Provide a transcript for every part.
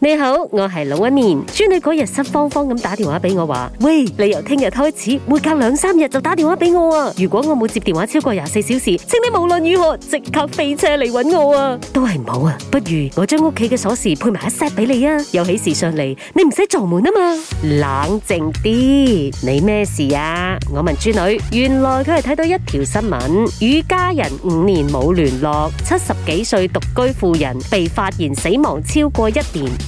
你好，我係老一年豬女。嗰日失慌慌咁打電話俾我話：喂，你由聽日開始，每隔兩三日就打電話俾我啊。如果我冇接電話超過廿四小時，請你無論如何即刻飛車嚟搵我啊。都係唔好啊，不如我將屋企嘅鎖匙配埋一 set 俾你啊。有喜事上嚟，你唔使撞門啊嘛。冷靜啲，你咩事啊？我問豬女，原來佢係睇到一條新聞：與家人五年冇聯絡，七十幾歲獨居婦人被發現死亡超過一年。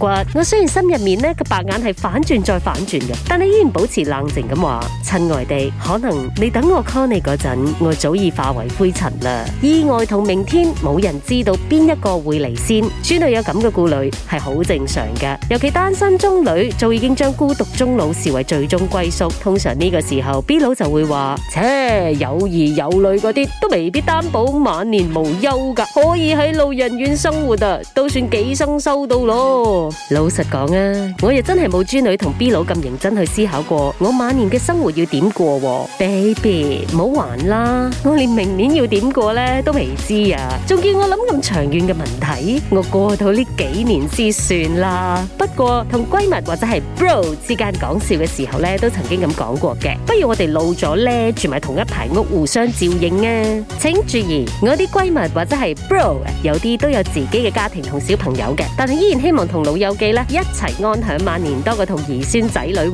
我雖然心入面呢個白眼係反轉再反轉嘅，但你依然保持冷靜咁話，親愛的，可能你等我 call 你嗰陣，我早已化為灰塵啦。意外同明天，冇人知道邊一個會嚟先。孫女有咁嘅顧慮係好正常嘅，尤其單身中女，早已經將孤獨終老視為最終歸宿。通常呢個時候，B 佬就會話：切，有兒有女嗰啲都未必擔保晚年無憂噶，可以喺老人院生活啊，都算幾生修到咯。老實講啊，我亦真係冇豬女同 B 佬咁認真去思考過我晚年嘅生活要點過，baby 唔好玩啦！我連明年要點過咧都未知啊，仲叫我諗咁長遠嘅問題，我過到呢幾年先算啦。不過同閨蜜或者係 bro 之間講笑嘅時候咧，都曾經咁講過嘅。不如我哋老咗咧住埋同一排屋，互相照應啊！請注意，我啲閨蜜或者係 bro 有啲都有自己嘅家庭同小朋友嘅，但係依然希望同老。有記咧，一齊安享晚年，多過同兒孫仔女。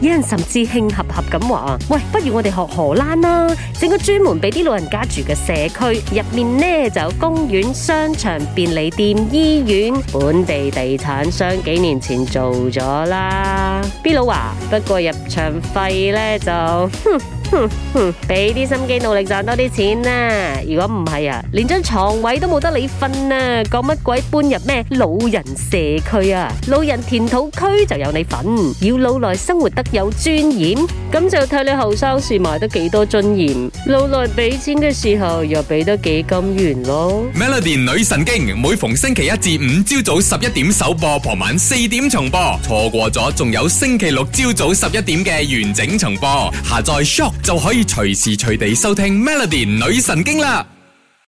有人甚至興合合咁話，喂， 不如我哋學荷蘭啦，整個專門俾啲老人家住嘅社區，入面呢，就有公園、商場、便利店、醫院。本地地產商幾年前做咗啦 Billow 啊，不過入場費呢，就，哼。哼哼，俾啲心機努力賺多啲錢啦！如果唔係啊，連張床位都冇得你瞓啊！講乜鬼搬入咩老人社區啊？老人填土區就有你份，要老來生活得有尊嚴，咁就睇你後生樹埋得幾多尊嚴，老來俾錢嘅時候又俾得幾咁情願咯。Melody 女神經，每逢星期一至五朝早十一點首播，傍晚四點重播，錯過咗仲有星期六朝早十一點嘅完整重播，下載 Shock。就可以隨時隨地收聽 Melody 女神經啦。